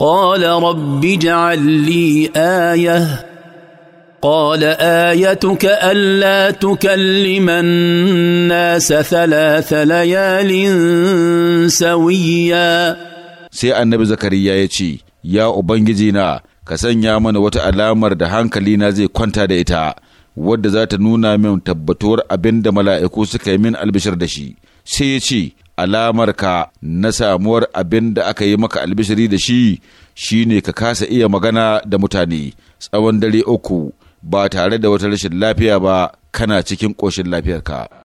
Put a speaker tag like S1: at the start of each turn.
S1: قال رب اجعل لي ايه قال ايتك الا تكلم الناس ثلاث ليال سويا
S2: sai annabi zakariya ya ce ya ubangiji na ka sanya mana wata alamar da hankali na zai kwanta da ita wadda za ta nuna min tabbatuwar abin da mala'iku suka yi min albishir da shi sai ya ce alamar ka na samuwar abin da aka yi maka albishiri da shi shi ne ka kasa iya magana da mutane tsawon dare uku ba tare da wata rashin lafiya ba kana cikin ƙoshin lafiyarka.